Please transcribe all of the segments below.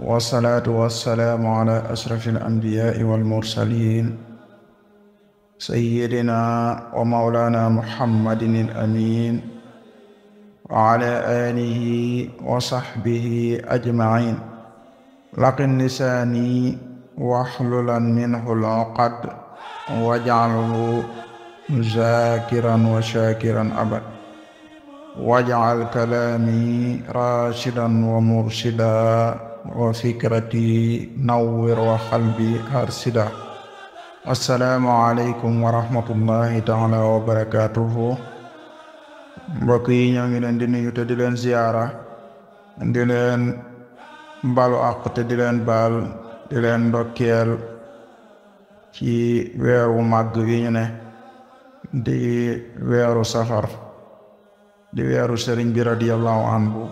wasalaatu wasalaamu ala ashraf alambiyaai walmursalin sayidina wa maulana muhammadin alamin wa ala alihi wa saxbihi ajmain laqin lisaani waxlulan minhu loqad wajcalhu zakiran wa shakiran abad wajcal kalaami rashidan wa mursida yi وفكرتي نور وقلبي أرشدا السلام عليكم ورحمة الله تعالى وبركاته mbokk yi ñoo ngi leen di nuyu te di leen ziyaara di leen balu àq te di leen baal di leen ndokkeel ci weeru màgg yi ñu ne di weeru safar di weeru sëriñ bi radiyallahu anhu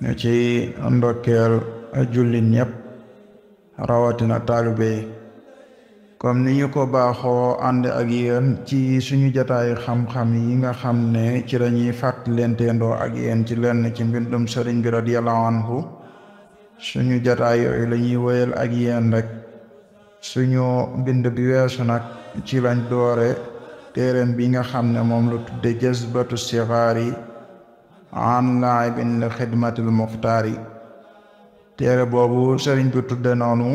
ñu ci ndokkeel jullit ñépp rawatina taalibe yi comme ni ñu ko baaxoo ànd ak yeen ci suñu jataayu xam-xam yi nga xam ne ci lañuy fàttalentendoo ak yéen ci lenn ci mbindum sëriñ bi radiyallahu anhu suñu jataay yooyu lañuy ñuy wéyal ak yéen rek suñu mbind bi weesu nag ci lañ doore téereem bi nga xam ne moom lu tudde jazbatu sixaar yi an laabin la xidmatil muxtaari téere boobu sëriñ bi tudde noonu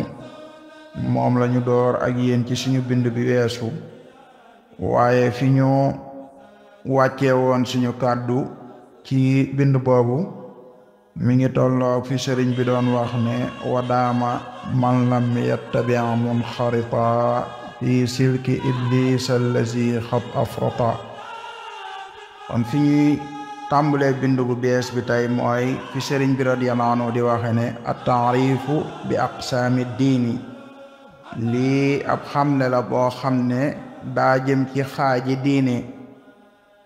moom lañu door ak yéen ci suñu bind bi weesu waaye fi ñu wàcce woon suñu kàddu ci bind boobu mi ngi tolloog fi sëriñ bi doon wax ne wadaama man lam yattabia munxarita fi silki iblis allazi xat afrata kon fi tàmbulee bind gu bees bi tey mooy fi sëriñ bi radiyallaahu anhu di waxe ne at taarifu bi aqsaami diini lii ab xamle la boo xam ne daa jëm ci xaaji diini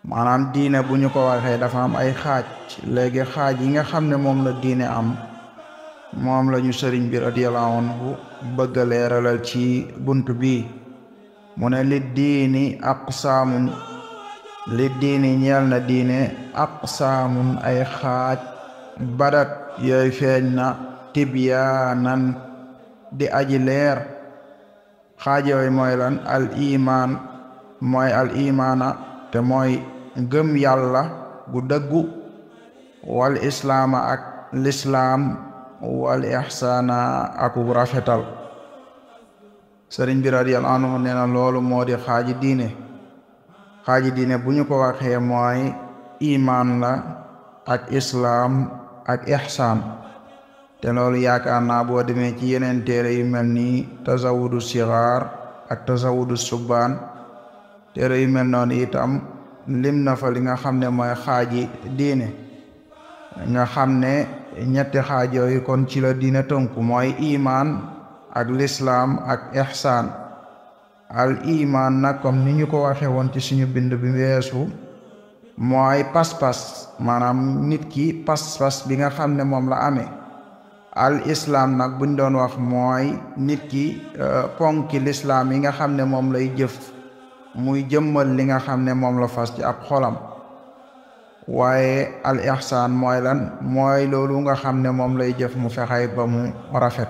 maanaam diine bu ñu ko waxee dafa am ay xaaj léegi xaaj yi nga xam ne moom la diine am moom lañu sëriñ bi radiyallaahu anhu bëgg a ci bunt bi mu ne li diini aqsaamun li diini ñeel na diine aqsaamun ay xaaj badat yooy feeñ na tibyaanan di aji leer xaaj yooyu al imaan mooy al imaana te mooy gëm yàlla gu dëggu wal islaama ak lislaam wal ixsaana ak bu rafetal sëriñ bi radiyallahu anhu nee na loolu moo di xaaji diine xaaji diine bu ñu ko waxee mooy iimaan la ak islaam ak ihsaan te loolu yaakaar naa boo demee ci yeneen téere yu mel nii tasawudu sigaar ak tasawudu subbaan téere yu mel noonu itam lim na fa li nga xam ne mooy xaaji diine nga xam ne ñetti xaaj yooyu kon ci la diine tënku mooy imaan ak lislaam ak ihsaan al iman nag kom ni ñu ko waxee woon ci suñu bind bi weesu mooy pas-pas maanaam nit ki pas-pas bi nga xam ne moom la ame al islam nag buñ doon wax mooy nit ki euh, ponki lislaam yi nga xam ne moom lay jëf muy jëmmal li nga xam ne moom la fas ci ab xolam waaye al ihsaan mooy lan mooy loolu nga xam ne moom lay jëf mu fexey ba mu rafet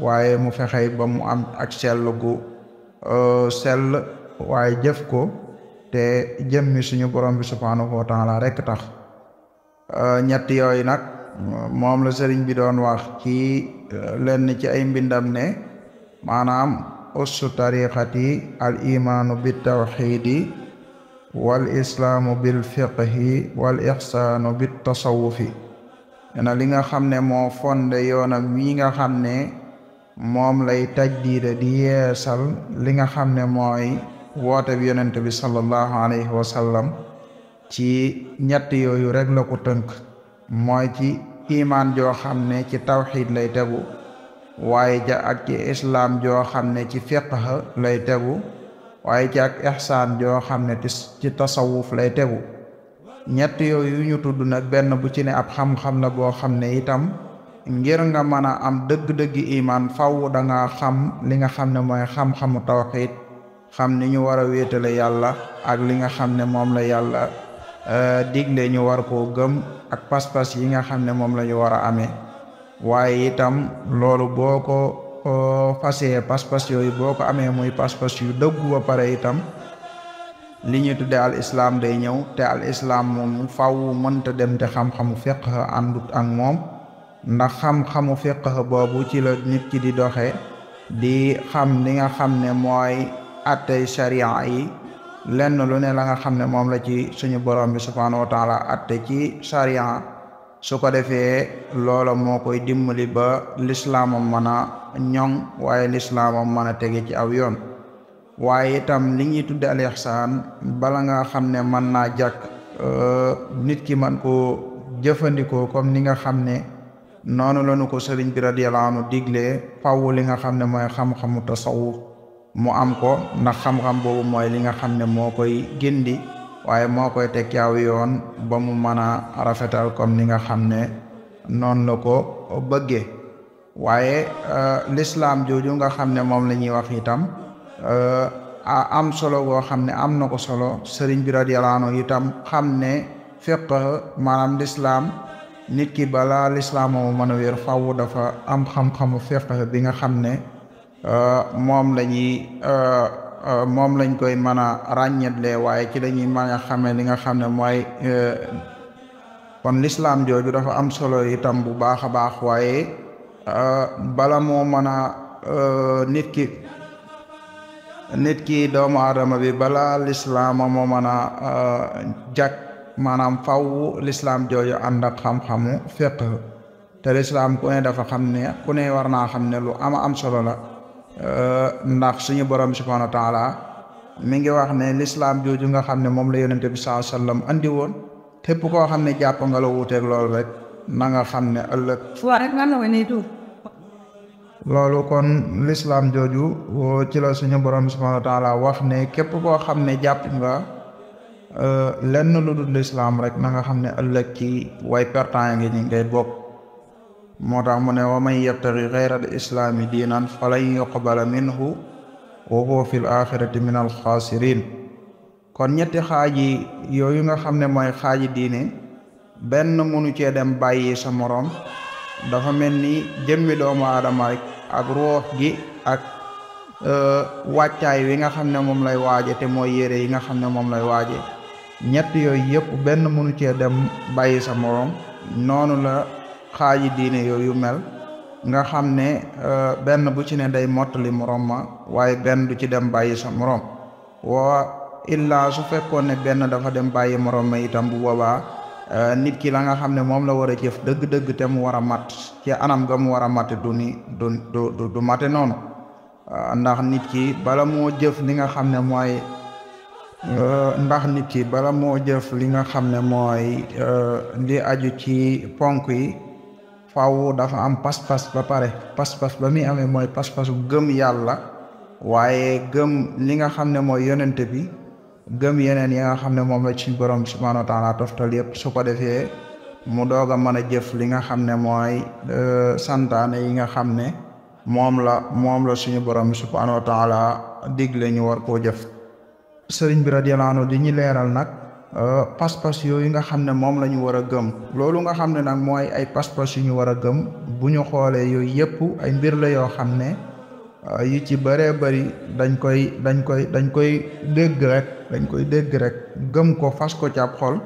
waaye mu fexey ba mu am ak sellu gu Euh, sell waaye jëf ko te jëmmi suñu borom bi subhaanahu wa taala rek tax euh, ñett yooyu nag moom la sëriñ bi doon wax ci euh, lenn ci ay mbindam ne maanaam ussu tariqati al imaanu bi tawxiidi wal islaamu bil fiqhi wal ixsaanu bi tasawufi na li nga xam ne moo fonde yoonam wi nga xam ne moom lay tajdiida di yeesal li nga xam ne mooy woote bi yonent bi sallallahu alayhi wa ci ñett yooyu rek la ko tënk mooy ci imaan joo xam ne ci tawxiit lay tegu waaye ja ak islaam joo xam ne ci fiqh lay tegu waaye ci ak ixsaan joo xam ne ci tasawuf lay tegu ñett yooyu ñu tudd na benn bu ci ne ab xam-xam la boo xam ne itam ngir nga mën a am dëgg-dëgg iman faww danga xam li nga xam ne mooy xam-xamu tawxiid xam ni ñu war a wéetale yàlla ak li nga xam ne moom la yàlla euh, digle ñu war koo gëm ak pas-pas yi nga xam ne moom la ñu war a amee waaye itam loolu boo ko fasee pas-pas yooyu boo ko amee muy pas-pas yu dëggu ba pare itam li ñuy tuddee al islam day ñëw te al islam moom faw mënta dem te xam-xamu fiqh àndut ak moom ndax xam-xamu fiqh boobu ci la nit ki di doxe di xam li nga xam ne mooy attey sharia yi lenn lu ne la nga xam ne moom la ci suñu borom bi subhaanahu wa taala atte ci sharia su ko defee loolo moo koy dimmali ba lislaamam mën a ñoŋ waaye lislaamam mën a tege ci aw yoon waaye itam li ñuy tudde al bala nga xam ne mën naa jàkk euh, nit ki man koo jëfandikoo comme ni nga xam ne noonu la nu ko sëriñ bi radiyallahu anhu diglee fàww li nga xam ne mooy xam-xamu tasawuf mu am ko ndax xam-xam boobu mooy li nga xam ne moo koy gindi waaye moo koy teg yaaw yoon ba mu mën a rafetal kom ni nga xam ne noonu la ko bëgge waaye euh, lislaam jooju nga xam ne moom la ñuy wax itam euh, am solo goo xam ne am na ko solo sëriñ bi radiyallahu anhu itam xam ne fiqh maanaam lislaam nit ki balaa lislaam mu mën a wér fàww dafa am xam-xamu fiq bi nga xam ne euh, moom lañuy euh, euh, moom lañ koy mën a ràññetle waaye ci lañuy ma nga xamee li nga xam ne mooy kon lislaam jooju dafa am solo itam bu baax a baax waaye bala moo mën a nit ki nit ki doomu aadama bi balaa lislaam moo mën a jàkk maanaam faw lislaam jooju ànd ak xam-xamu fiqh te lislaam ku ne dafa xam ne ku ne war naa xam ne lu ama am solo la ndax suñu borom subhanahu wa taala mi ngi wax ne lislaam jooju nga xam ne moom la yonente bi saa sallam andi woon képp koo xam ne jàpp nga la wuuteeg loolu rek na nga xam ne ëllëg loolu kon lislaam jooju ci la suñu borom subhanahu wa taala wax ne képp koo xam ne jàpp nga Euh, lenn lu dul lislaam rek na nga xam ne ëllëg ci way pertaan ngi ngay bokk moo tax mu ne wa man yabtaghi ghayra al islaami diinan falan yuqbala minhu wa huwa fil axirati min al kon ñetti xaaji yooyu nga xam ne mooy xaaji diine benn mënu cee dem bàyyi sa moroom dafa mel ni jëmmi doomu aadama rek ak ruux gi ak euh, wàccaay wi nga xam ne moom lay waaje te mooy yére yi nga xam ne moom lay waaje ñett yooyu yëpp benn mënu cee dem bàyyi sa moroom noonu la xaaji diine yooyu mel nga xam ne euh, benn bu ci ne day mottali moroom ma waaye benn du ci dem bàyyi sa moroom waa illaa su fekkoon ne benn dafa dem bàyyi moroom ma itam bu boobaa euh, nit ki la nga xam ne moom la war a jëf dëgg-dëgg te mu war a mat ci anam ga mu war a mate du ni du du du mate noonu euh, ndax nit ki bala moo jëf li nga xam ne mooy Euh, ndax nit ki bala moo jëf li nga xam ne mooy euh, li aju ci ponk yi faaw dafa am pas-pas ba pare pas-pas ba muy amee mooy pas-pasu gëm yàlla waaye gëm li nga xam ne mooy yonent bi gëm yeneen yi nga xam ne moom la ci borom subhaanahu wa taala toftal yëpp su ko defee mu doog a mën a jëf li nga xam ne mooy euh, santaane yi nga xam ne moom la moom la suñu borom subhaanahu wa taala digle ñu war koo jëf sëriñ bi radiyallahu anhu di ñu leeral nag euh, pas-pas yooyu nga xam ne moom la ñu war a gëm loolu nga xam ne nag mooy ay pas-pas yu ñu war a gëm bu ñu xoolee yooyu yëpp ay mbir yoo xam ne euh, yu ci bëree bëri dañ koy dañ koy dañ koy dégg rek dañ koy dégg rek gëm ko fas ko ci ab xol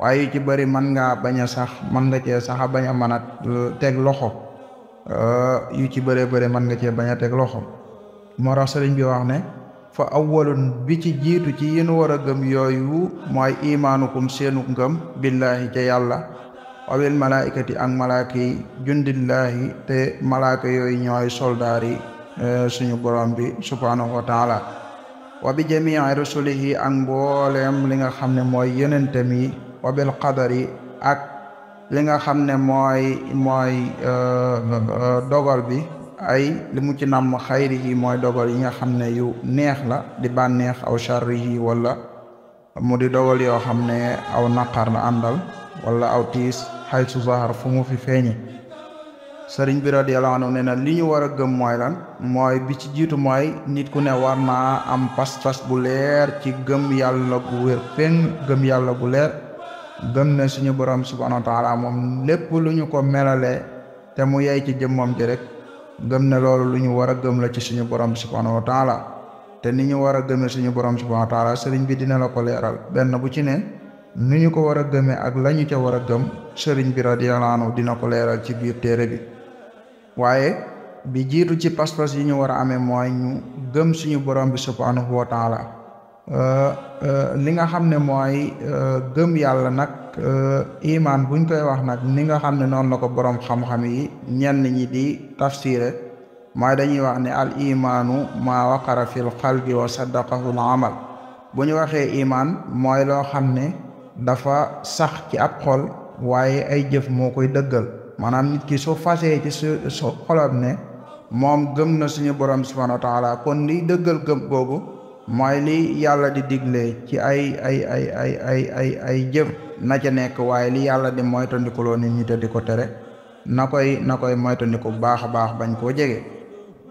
waaye yu ci bëri mën ngaa bañ a sax mën nga cee sax a bañ a mën a euh, teg loxo yu ci bëree bëri mën nga cee bañ teg loxo moo tax sëriñ bi wax ne fa awwalun bi ci jiitu ci yéen war gëm yooyu mooy imaanukum seenu ngëm billaahi ca yàlla wabil malaayikati ak malaaka yi jundillaahi te malaaka yooyu ñooy soldaari eh, suñu borom bi subhaanahu wa taala wa bi jamii rusulihi ak mbooleem li nga xam ne mooy yenentam yi wa bil ak li nga xam ne mooy mooy eh, eh, dogal bi ay li mu ci namm xayri yi mooy dogal yi nga xam ne yu neex la di bànneex aw charri yi wala mu di dogal yoo xam ne aw naqar la àndal wala aw tiis xay su fu mu fi feeñi sëriñ bi radiyallahu anhu nee na li ñu war a gëm mooy lan mooy bi ci jiitu mooy nit ku ne war naa am pas-pas bu leer ci gëm yàlla gu wér fenn gëm yàlla gu leer gëm ne suñu borom subhanahu wa moom lépp lu ñu ko melale te mu yey ci jëmmam ji rek gëm ne loolu lu ñu war a gëm la ci suñu borom subhanahu wa taala te ni ñu war a gëmee suñu borom subhanahu wa taala sëriñ bi dina la ko leeral benn bu ci ne ni ñu ko war a gëmee ak lañu ñu ca war a gëm sëriñ bi radiyallahu anhu dina ko leeral ci biir téere bi waaye bi jiitu ci pas-pas yi ñu war a amee mooy ñu gëm suñu borom bi subhanahu wa taala Euh, euh, li nga xam ne mooy euh, gëm yàlla nag imaan buñ koy wax nag li nga xam ne noonu la ko borom xam-xam yi ñenn ñi di tafsire mooy dañuy wax ne al imaanu maa waqara fil ñu waxee imaan mooy loo xam ne dafa sax ci ab xol waaye ay jëf moo koy dëggal maanaam nit ki su fasee ci su xolam ne moom gëm na suñu borom subhanahu wa taala kon liy dëggal gëm boobu mooy lii yàlla di digle ci ay ay ay ay ay ay ay jëf na ca nekk waaye li yàlla di loo nit ñi te di ko tere na koy na koy moytandiku baax a baax bañ koo jege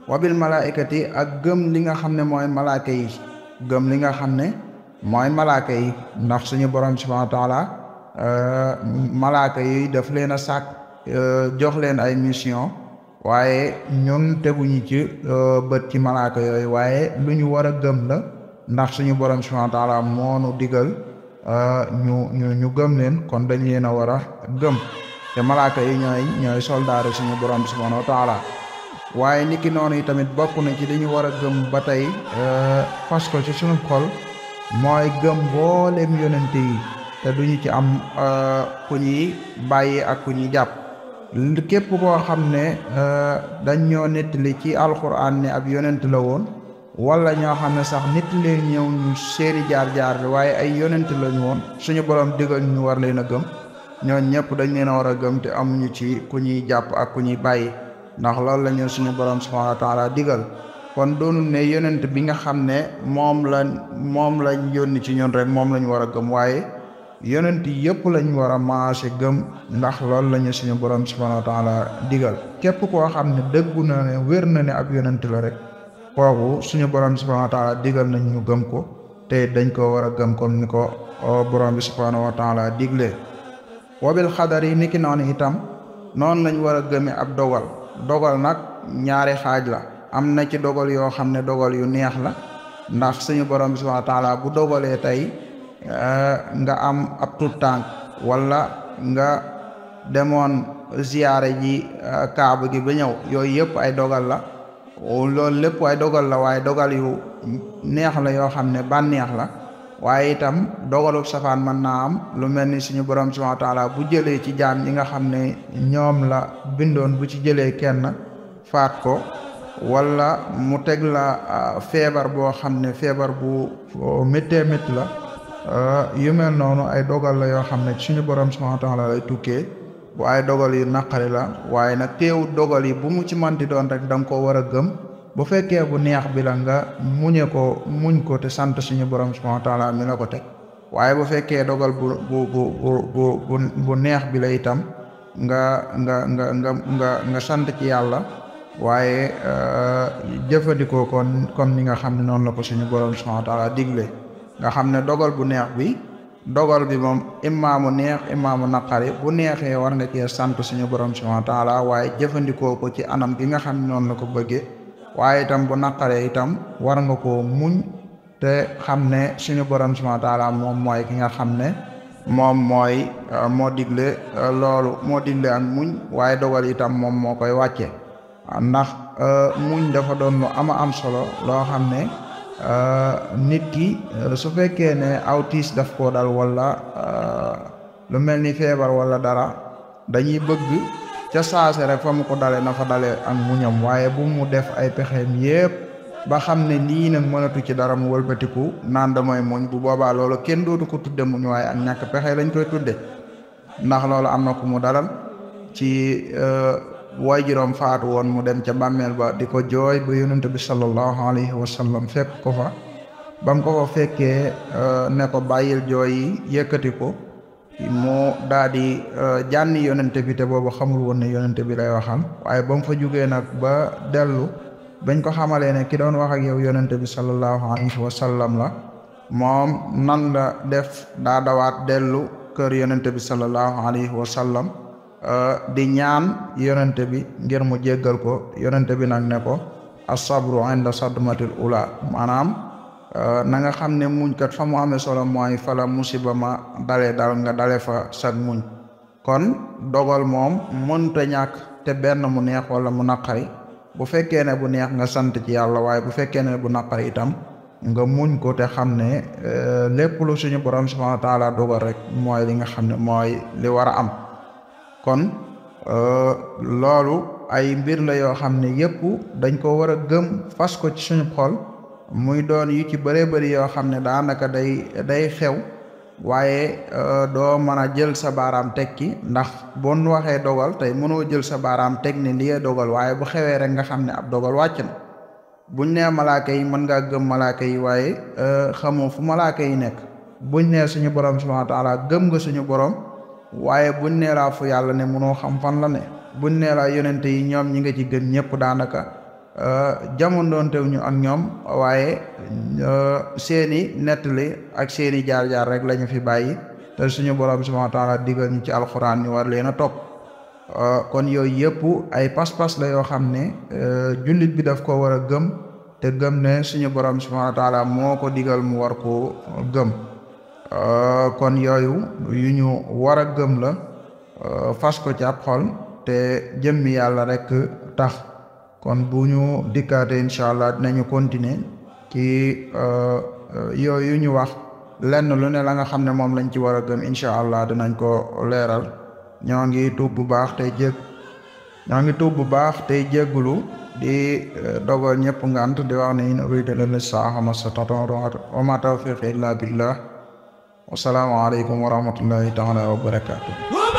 wa wabil malaayikati ak gëm li nga xam ne mooy malaaka yi gëm li nga xam ne mooy malaaka yi ndax suñu borom subhanahu wa taala euh, malaaka yi daf leen a sàkk euh, jox leen ay mission waaye ñun teguñu ci euh, bët ci malaaka yooyu waaye lu ñu war a gëm la ndax suñu borom subhanahu wa taala moonu digal euh, ñu ñu gëm leen kon dañ leen a war a gëm te malaaka yi ñooy ñooy soldaare suñu borom subhanahu wa taala waaye niki noonu yi tamit bokk na ci li ñu war a gëm ba tey euh, fas ko ci suñu xol mooy gëm mboolem yonente yi te duñu ci am ku ñuy bàyyi ak ku ñuy jàpp képp koo xam ne euh, dañ ñoo nettali ci alxuraan ne ab yonent la woon wala ñoo xam ne sax nit leen ñëw jaar-jaar bi waaye ay yonent lañu woon suñu borom digal ñu war leen a gëm ñoo ñëpp dañ leen a war a gëm te amuñu ci ku ñuy jàpp ak ku ñuy bàyyi ndax loolu la suñu borom subhaanahu wa digal kon doonul ne yonent bi nga xam ne moom la moom lañ yónni ci ñun rek moom la ñu war a gëm waaye yonent yëpp lañu war a maase gëm ndax loolu lañu suñu borom subhanahu wa taala digal képp koo xam ne dëggu na ne wér na ne ab yonent la rek kooku suñu borom subhanahu wa taala digal nañ ñu gëm ko te dañ koo war a gëm comme ni ko borom bi subhanahu wa taala diglee wabil xadar yi niki noonu itam noonu lañ war a ab dogal dogal nag ñaari xaaj la am na ci dogal yoo xam ne dogal yu neex la ndax suñu borom bi subhanahu wa bu dogalee tey Eh, nga am ab tout tànk wala nga demoon ziyaare ji eh, kaabu gi ba ñëw yooyu yëpp ay dogal la oh, loolu lépp ay dogal la waaye dogal yu neex la yoo xam ne bànneex la waaye itam dogalu safaan mën naa am lu mel ni suñu borom subhanahu wa bu jëlee ci jaam ñi nga xam ne ñoom la bindoon bu ci jëlee kenn faat ko walla mu teg la eh, feebar boo xam ne feebar bu oh, méttee métti la yu noonu ay dogal la yoo xam ne suñu borom subhanahu wa lay tukkee bu ay dogal yu naqari la waaye nag teew dogal yi bu mu ci manti doon rek da nga koo war a gëm bu fekkee bu neex bi la nga muñe ko muñ ko sant suñu borom subhanahu wa taala ko teg waaye bu fekkee dogal bu bu bu neex bi la itam nga nga nga nga nga sant ci yàlla waaye jëfandikoo kon comme ni nga xam ne noonu la ko suñu borom subhanahu wa taala digle nga xam ne dogal bu neex bi dogal bi moom imaamu neex imaamu naqari bu neexee war nga cee sant suñu borom subhaanahu wa taala waaye jëfandikoo ko ci anam gi nga xam ne noonu la ko bëggee waaye itam bu naqaree itam war nga koo muñ te xam ne suñu borom subhaanahu wa moom mooy ki nga xam ne moom mooy euh, moo digle euh, loolu moo digle ak muñ waaye dogal itam moom moo koy wàcce ndax euh, muñ dafa doon lu ama am solo loo xam ne Euh, nit ki euh, su fekkee ne aw tiis daf koo dal wala euh, lu mel ni feebar wala dara dañuy bëgg ca saase rek fa mu ko dale na fa dale ak muñam waaye bu mu def ay pexeem yépp ba xam ne lii nag mënatu ci dara mu wëlbatiku naan damay muñ bu boobaa loolu kenn dootu ko tudde muñ waaye ak ñàkk pexe lañ koy tudde ndax loolu am na ku mu dalal ci waay juróom faatu woon mu dem ca bàmmeel ba di ko jooy ba yonent bi sallallahu alayhi wa sallam fekk ko fa ba ko fa fekkee euh, ne ko bàyyil jooy yi yëkkati ko mu daal di euh, jànni yonent bi te boobu xamul woon ne yonent bi lay waxal waaye ba mu fa jugee nag ba dellu bañ ko xamalee ne ki doon wax ak yow yonent bi sallallahu alayhi wa sallam la moom nan la def daa dawaat dellu kër yonent bi sallallahu alayhi wa sallam Euh, di ñaan yonente bi ngir mu jéggal ko yonente bi nag ne ko a asabru inda sadmatil ula maanaam euh, na nga xam ne muñ ko fa mu amee solo mooy fala musiba ma dale dal nga dale fa sag muñ kon dogal moom mënta ñàkk te benn mu neex wala mu naqari bu fekkee ne bu neex nga sant ci yàlla waaye bu fekkee ne bu naqari itam nga muñ ko te xam ne euh, lépp lu suñu borom subhanahu wa taala dogal rek mooy li nga xam ne mooy li war a am kon euh, loolu ay mbir la yoo xam ne yëpp dañ ko war a gëm fas ko ci suñu xol muy doon yu ci bëree bëri yoo xam ne daanaka day day xew waaye euh, doo mën a jël sa baaraam teg ki ndax boo nu waxee dogal tey mënoo jël sa baaraam teg ni liyee dogal waaye bu xewee rek nga xam ne ab dogal wàcc na buñ nee malaaka yi mën ngaa gëm malaaka yi waaye euh, xamoo fu malaaka yi nekk buñ nee suñu borom subhaanahu wa gëm nga suñu borom. waaye buñ neeraa fu yàlla ne munoo xam fan la ne buñ neeraa yonente yi ñoom ñi nga ci gën ñëpp daanaka euh, jamondoontew ñu ak ñoom waaye euh, seeni nettali ak seeni jaar-jaar rek lañu fi bàyyi te suñu borom subhanahu wa taala digal ñu ci alxuraan ñu war leen a topp euh, kon yooyu yëpp ay pas-pas la yoo xam ne jullit bi daf ko war a gëm te gëm ne suñu borom subhanahu wa moo ko digal mu war koo gëm Euh, kon yooyu yu ñu war a gëm la euh, fas ko ci ab xol te jëmmi yàlla rek tax kon bu ñu dikkaatee incha allah dinañu continuer ci euh, yooyu ñu wax lenn lu ne la nga xam ne moom lañ ci war a gëm incha allah dinañ ko leeral ñoo ngi tuub bu baax tey jég ñoo ngi tuub bu baax tey jéggulu di dogal ñëpp ngant di wax ne in uridu illa l-islaaha mastata'tu wa ma tawfiiqi illa billah wasalaamu aleykum wa rahmatullahi taala wa barakaatu